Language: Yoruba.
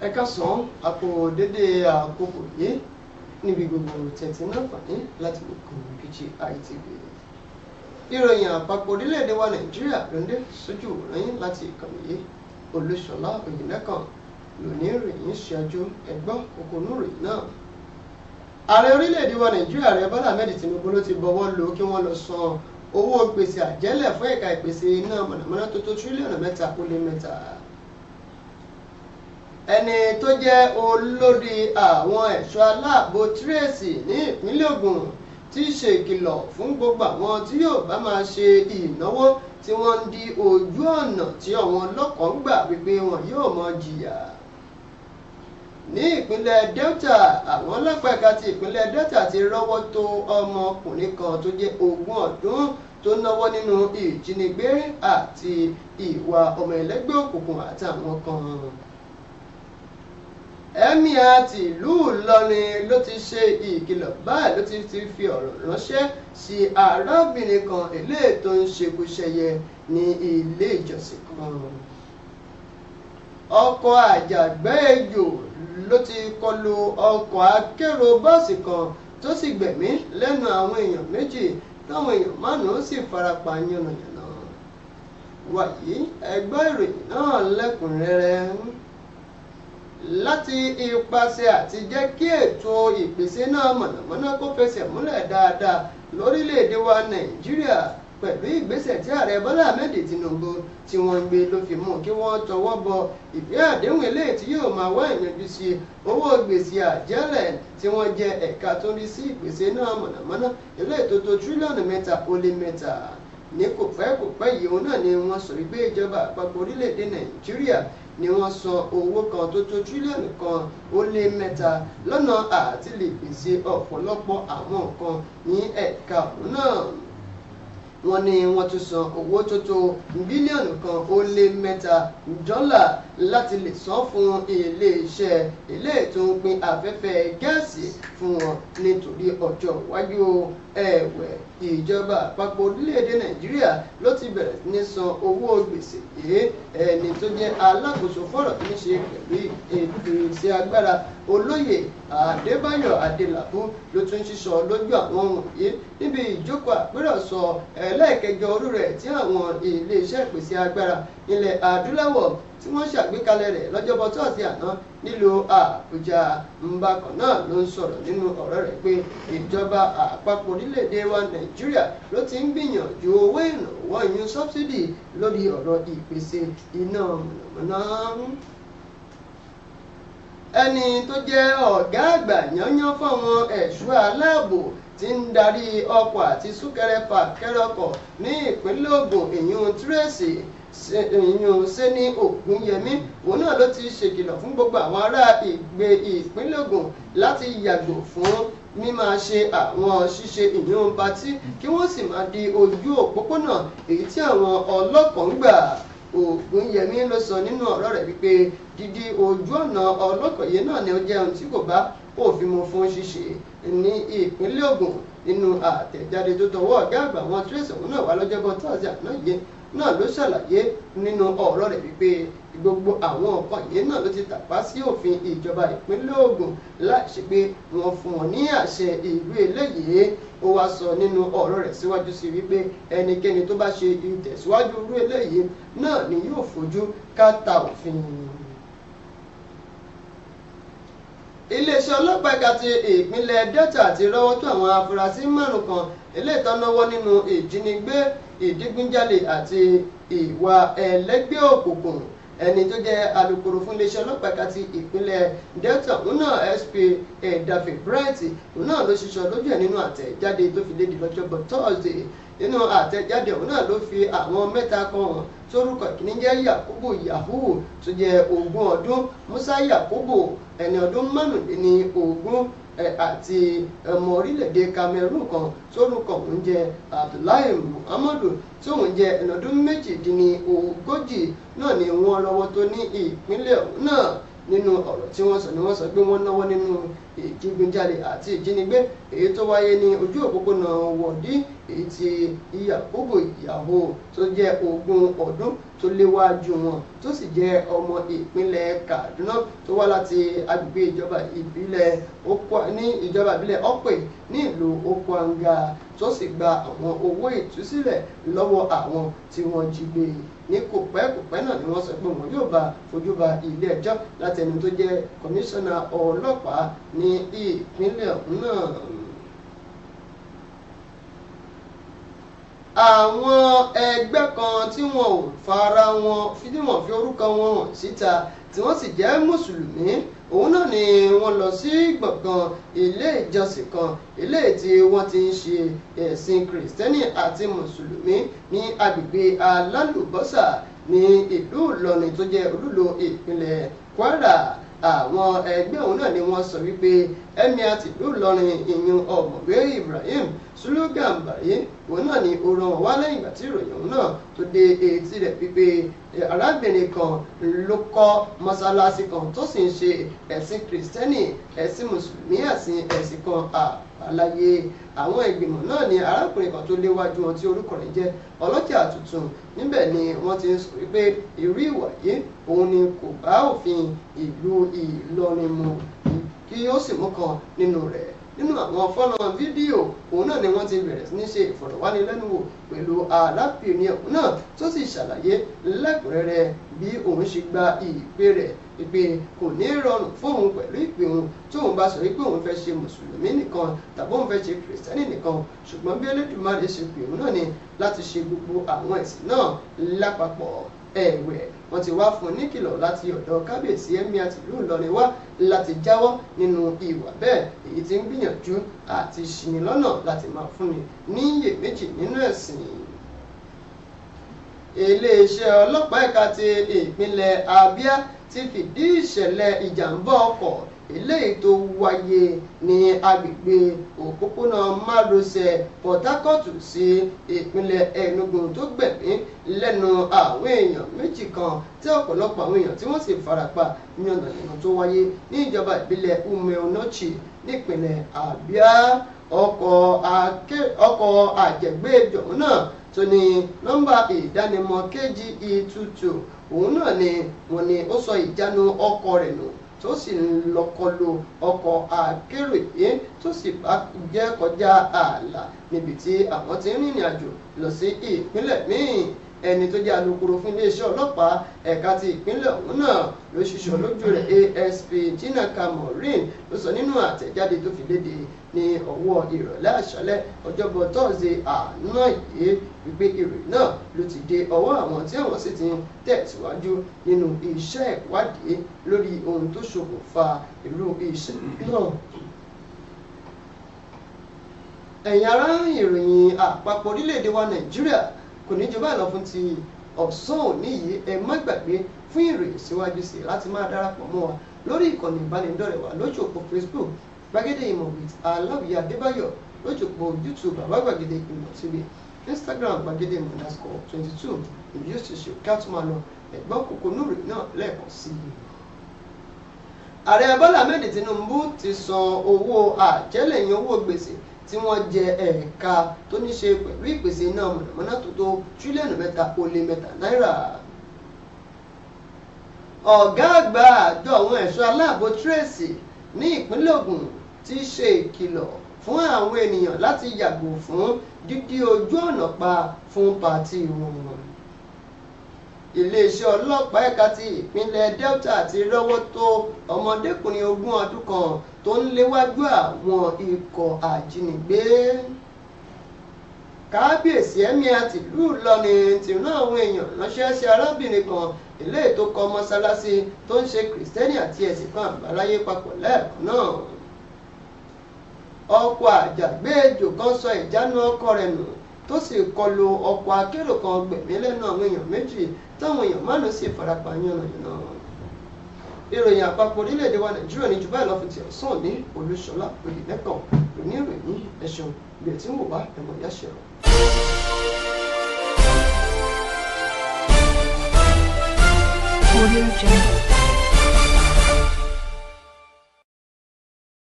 ẹ káàsán àpò dédé àkókò yìí níbi gbogbo tẹ̀tí náà pàdé láti gbogbo BGI TV ìròyìn àpapọ̀ orílẹ̀-èdè wa nàìjíríà ló ń dé sójú ìròyìn láti ìkànnì yìí olúṣọlá òyìnlẹ́kàn lónìí ìròyìn ṣáájú ẹ̀gbọ́n òkùnú ìròyìn náà ààrẹ orílẹ̀-èdè wa nàìjíríà rẹ̀ bọ́lá ahmed tinubu ló ti bọwọ́ lù kí wọ́n lọ san owó gbèsè àjẹ́lẹ̀ fún ẹ̀ka ìpèsè iná mọ̀nàmọ́ná tó tó tírílíọ̀nù mẹ́ta ó lé mẹ́ta ẹni tó jẹ́ olórí àwọn ẹ̀ṣọ́ aláàbò tírèsì ní ìpínlẹ̀ Ògùn tí í ṣe ìkìlọ̀ fún gbogbo àwọn tí yóò bá máa ṣe ìnáwó tí wọ́n ń di ojú ọ̀nà tí àwọn ọlọ́kọ̀ ń gbà wípé wọn yóò mọ jìyà ní ìpínlẹ̀ Delta àwọn ọlọ́pàá ẹ̀ka ti ìpínlẹ̀ Delta ti rọ́wọ́ tó ọmọkùnrin kan tó jẹ́ ogún ọdún tó náwó nínú ìjínigbé àti ìwà ọmọ ẹlẹ́gbẹ́ òkùnkùn àtàwọn kan ẹ̀míà tìlú Ìlọrin ló ti ṣe ìkìlọ̀ báyìí ló ti ti fi ọ̀rọ̀ ránṣẹ́ sí arábìnrin kan eléyìí tó ń ṣekúṣẹyẹ ní ilé ìjọsìn kan. ọkọ̀ àjàgbẹ́ ejò ló ti kọlu ọkọ̀ akérò bọ́ọ̀sì kan tó sì gbẹ̀mí lẹ́nu àwọn èèyàn méjì táwọn èèyàn márùn-ún sì farapa yànnàyànnà wàyí ẹgbẹ́ ìròyìn náà lẹ́kùnrẹ́rẹ́ láti ipasẹ̀ àti jẹ́ kí ètò ìpèsè náà mọ̀nàmọ́ná kó fẹsẹ̀ múlẹ̀ dáadáa lórílẹ̀‐èdè wa Nàìjíríà pẹ̀lú ìgbésẹ̀ tí ààrẹ Bọ́lá Ahmed Tinubu tí wọ́n gbé ló fi mú kí wọ́n tọwọ́ bọ ìwé àdéhùn eléyìí tí yóò máa wá ìyanjú sí owó gbèsè àjẹlẹ̀ tí wọ́n jẹ ẹ̀ka tó rí sí ìpèsè náà mọ̀nàmọ́ná eléyìí tó tó tírílíọ̀nù mẹ́ta ó lé mẹ́ta ní kò pẹ́ kò pẹ́ yìí òun náà ni wọ́n sọ wípé ìjọba àpapọ̀ orílẹ̀-èdè Nàìjíríà ni wọ́n sọ owó kan tó tó tírílíọ̀nù kan ó lé mẹ́ta lọ́nà àti lè pèsè ọ̀pọ̀lọpọ̀ àwọn nǹkan ní ẹ̀ka òun náà wọ́n ní wọ́n tún san owó tó tó bílíọ̀nù kan ó lé mẹ́ta dọ́là láti lè san fún iléeṣẹ́ ilé ètò ògbìn afẹ́fẹ́ gáàsì fún wọn nítorí ọjọ́ iwájú ẹ̀wẹ̀ ìjọba àpapọ̀ orílẹ̀-èdè nàìjíríà ló ti bẹ̀rẹ̀ sí ní san owó gbèsè yìí ẹni tó jẹ́ alákòóso fọ́rọ̀ tó ní ṣe pẹ̀lú ìgbìyànjú agbára olóyè Adébáyọ̀ Adélabú ló tún sísọ lójú àwọn ohun yìí níbi ìjókòó àpérò sọ ẹlẹ́ẹ̀kẹjọ orú rẹ̀ tí àwọn iléeṣẹ́ ìpèsè agbára ilẹ̀ adúláwọ̀ tí wọ́n ṣàgbékalẹ̀ rẹ̀ lọ́jọ́bọ̀ tọ́sí àná nílùú àbújá mbàkàn náà ló ń sọ̀rọ̀ nínú ọ̀rọ̀ rẹ̀ pé ìjọba àpapọ̀ orílẹ̀-èdè wa nàìjíríà ló ti ń gbìyànjú owó ìrànwọ́ ìyún sọ́bsidì lórí ọ̀rọ̀ ìpèsè iná mọ̀nàmọ́ná ẹni tó jẹ́ ọ̀gá àgbà yányán fáwọn ẹ̀ṣọ́ aláàbò ti ń darí ọkọ̀ àti súnkẹrẹ fàkẹrẹ ọkọ̀ ní ìpínlẹ̀ Ògùn èyí ń se ìyún sẹ́ni ògúnyẹmí òun náà ló ti ṣèkìlọ̀ fún gbogbo àwọn ará ìgbé ìpínlẹ̀ Ògùn láti yàgò fún mímá ṣe àwọn ṣíṣe ìyún patí kí wọ́n sì máa di ojú òpópónà èyí tí àwọn ọlọ́kọ̀ ń gbà ògúnyẹmí ló sọ nínú ọ̀rọ̀ rẹ̀ wípé dídí ojú ọ̀nà ọlọ́kọ̀ yìí náà ni ó jẹ́ ohun tí kò bá òfin mu fún ṣíṣe ní ìpínlẹ̀ Ògùn nínú àtẹ̀jáde tó tọwọ́ ọ̀gá àgbà wọn tírèsì òun náà wà lọ́jọ́bọ̀ tọ́sí àná yìí náà ló ṣàlàyé nínú ọ̀rọ̀ rẹ̀ wípé gbogbo àwọn nǹkan yìí náà ló ti tàpá sí òfin ìjọba ìpínlẹ̀ Ògùn láìsí pé wọ́n fún wọn ní àṣẹ ìlú eléyìí ó wá sọ nínú ọ̀rọ̀ rẹ̀ síwájú sí wípé ẹnikẹ́ni tó bá ṣe ìtẹ̀síwájú irú eléyìí náà ni yóò fojú káta òfin iléeṣẹ́ ọlọ́pàá ẹ̀ka ti ìpínlẹ̀ Delta ti rọ́wọ́ tó àwọn afurasí márùn kan eléyìí tó náwó nínú ìjínigbé ìdígunjalè àti ìwà ẹlẹ́gbẹ́ òkùnkùn ẹni tó jẹ́ alukoro fún ti Delta òun náà SP ẹ̀dàfẹ́ eh, Bright òun náà ló ṣiṣọ́ lójú ẹ̀ nínú àtẹ̀jáde tó fi léde Thursday nínú àtẹ̀jáde ọ̀hún náà ló fi àwọn mẹ́ta kan hàn tórúkọ ìkíní jẹ́ yakubu yahuwu tó jẹ́ ogún ọdún musa yakubu ẹni ọdún márùndínní ogún àti ọmọ orílẹ̀-èdè cameroon kan tórúkọ òun jẹ́ abdullahi muhammadu tí òun jẹ́ ẹni ọdún méjìdínní ogójì náà ni wọ́n lọ́wọ́ tó ní ìpínlẹ̀ náà nínú ọ̀rọ̀ tí wọ́n sọ ni wọ́n sọ pé wọ́n náwó nínú ìjígunjalè àti ìjínigbé èyí tó wáyé ní ojú òpópónà wọ̀dí èyí tí Yakubu Ìyàwó tó jẹ́ ogún ọdún tó léwájú wọn tó sì jẹ́ ọmọ ìpínlẹ̀ Kaduna tó wá láti agbègbè ìjọba ìbílẹ̀ ní ìjọba ní ìlú Okwanga tó sì gba àwọn owó ìtúsílẹ̀ lọ́wọ́ àwọn tí wọ́n jí gbé ní kò pẹ́ kò pẹ́ náà ni wọ́n sọ pé wọ́n yóò bá fojú ba ilé ẹjọ́ látẹni tó jẹ́ kọmíṣánná ọlọ́pàá ní ìpínlẹ̀ náà. àwọn ẹgbẹ́ kan tí wọn ò fara wọn tí wọn fi orúkọ wọn hàn síta tí wọ́n sì jẹ́ mùsùlùmí òun náà ni wọ́n lọ sí gbọ̀ngàn ilé ìjọsìn kan ilé tí wọ́n ti ń ṣe ẹ̀sìn kìrìsìtẹ́nì àti mùsùlùmí ní agbègbè alálùbọ́sà ní ìlú ìlọrin tó jẹ́ olúlo ìpínlẹ̀ kwara àwọn ẹgbẹ́ òun náà ni wọ́n sọ wípé ẹ̀mí àtìlú ìlọrin ìyún ọ̀mọ̀wé ibrahim Sùlù Gàmbàrí òun náà ni ó ràn wá lẹ́yìn ìgbà tí ìròyìn òun náà tó dé etí rẹ̀ pípé arábìnrin kan ló kọ́ mọ́sálásí kan tó sì ń ṣe ẹ̀sìn kìrìsìtẹ́nì ẹ̀sìn mùsùlùmí ẹ̀sìn ẹ̀sìn kan àlàyé àwọn ìgbìmọ̀ náà ni arákùnrin kan tó léwájú wọn tí orúkọ rẹ̀ jẹ́ ọlọ́jà tuntun níbẹ̀ ni wọ́n ti ń sọ pé irú ìwà yìí òun ni kò bá òfin ìlú Ìlọrin mu kí ó sì mú kan nínú rẹ̀ nínú àwọn fọ́nrán fídíò òun náà ni wọ́n ti bẹ̀rẹ̀ sí ní ṣe ìfọ̀rọ̀wánilẹ́nuwò pẹ̀lú alápìnrin ọ̀hún náà tó sì ṣàlàyé lẹ́kùnrẹ́rẹ́ bí òun ṣe gba ìpè rẹ̀ ìpè kò ní rọrùn fóun pẹ̀lú ìpè òun tóun bá sọ wípé òun fẹ́ ṣe mùsùlùmí nìkan tàbí òun fẹ́ ṣe kìrìsìtẹ́nì nìkan ṣùgbọ́n bí Elédùmarè ṣe pè òun náà ni láti ṣe gbogbo àwọn ẹ̀sìn náà lápapọ̀ ẹ̀wẹ̀ wọ́n ti wá fún un níkìlọ̀ láti ọ̀dọ̀ kábíyèsí ẹ̀mí àtìlú Ìlọrin wá láti jáwọ́ nínú ìwà bẹ́ẹ̀ èyí tí ń gbìyànjú àti ṣìyìn lọ́nà láti máa fúnni ní iyèméjì nínú ẹ̀sìn iléeṣẹ́ ọlọ́pàá ẹ̀ka ti ìpínlẹ̀ Abia ti fìdí ìṣẹ̀lẹ̀ ìjàmbá ọkọ̀ eléyìí tó wáyé ní agbègbè òpópónà márosẹ̀ Port Harcourt sí ìpínlẹ̀ Enugu tó gbẹ̀mí lẹ́nu àwọn èèyàn méjì kan tí ọ̀pọ̀lọpọ̀ àwọn èèyàn tí wọ́n sì farapa yànnàyànnà tó wáyé ní ìjọba ìbílẹ̀ Ume Onochi nípínlẹ̀ Abia ọkọ̀ àjẹgbẹ́jọ̀ náà tó ní nọ́mbà ìdánimọ̀ KGE two two òun náà ni wọ́n ní ó sọ ìjánu ọkọ̀ rẹ̀ nù tó sì ń lọ́kọlù ọkọ̀ akérò yìí tó sì bá jẹ́ kọjá ààlà níbi tí àwọn ti ń rìnrìn àjò lọ sí ìpínlẹ̀ míì ẹni tó jẹ́ alukoro fún iléeṣẹ́ ọlọ́pàá ẹ̀ka ti ìpínlẹ̀ ọ̀hún náà ló ṣiṣọ́ lójú rẹ̀ ASP Chinaka Cameroon, ló sọ nínú àtẹ̀jáde tó fi léde ní ọwọ́ ìrọ̀lẹ́ àṣálẹ́ ọjọ́bọ̀ tọ́sídẹ̀ẹ́ àná yìí wípé ìròyìn náà ló ti dé ọwọ́ àwọn tí àwọn sì ti ń tẹ̀síwájú nínú iṣẹ́ ìwádìí lórí ohun tó ṣokùnfà irú ìṣẹ̀lẹ̀ náà ẹ̀yin ará ìròyìn àpapọ̀ orílẹ̀-èdè wa Nàìjíríà kò ní jọba àlọ́ fún ti ọ̀sán òní yìí ẹ má gbàgbé fún ìròyìn síwájú sí láti máa darapọ̀ mọ́ wa lórí ìkànnì ìbánidọ́rẹ̀ẹ́ wa lójú òpó Facebook gbàgede ìmọ̀ with aláwìyé adébáyọ̀ lójú òpó YouTube bàbá gbàgede ìmọ̀ tv Instagram gbàgede ìmọ̀ underscore twenty two ìlú òṣìṣẹ́ kí a tún máa lọ ẹ̀gbọ́n kòkó núrè náà lẹ́ẹ̀kan sí i. ààrẹ bọ́lá ahmed tinubu ti san owó àjẹ́lẹ̀yìn owó gbèsè tí wọ́n jẹ ẹ̀ka tó ní ṣe pẹ̀lú ìpèsè iná mọ̀nàmọ́ná tó tó tírílíọ̀nù mẹ́ta ó lé mẹ́ta náírà. ọ̀gá àgbà àjọ àwọn ẹ̀ṣọ́ aláàbò tírèsì ní ìpínlẹ̀ Ògùn ti ṣe ìkìlọ̀ fún àwọn ènìyàn láti yàgò fún dídí ojú ọ̀nà pa fún pàtì wọn. iléeṣẹ́ ọlọ́pàá ẹ̀ka ti ìpínlẹ̀ Delta ti rọ́wọ́ tó ọmọdékùnrin ogún ọdún kan tó ń léwájú àwọn ikọ̀ àjínigbé kábíyèsí ẹ̀míà tìlú Ìlọrin ti rán àwọn èèyàn ránṣẹ́ sí arábìnrin kan ilé ètò kọ́ mọ́sálásí tó ń ṣe kìrìsìtẹ́nì àti ẹ̀sìn kan àbáláyé papọ̀ lẹ́ẹ̀kan náà ọkọ̀ àjàgbé ejò kan sọ ìjánu rẹ̀ nù tó kan gbẹ̀mí lẹ́nu àwọn méjì táwọn èèyàn márùn-ún sì farapa ìròyìn àpapọ̀ orílẹ̀-èdè wa nàìjíríà ní jù báyìí lọ fi tiẹ̀ sàn ní olúṣọlá òdì lẹ́kàn òní ìròyìn ẹ̀sùn bí ẹ̀ tí ń wò bá ẹ̀mọ̀ ìyá ṣẹ̀rọ̀. Audio Jungle.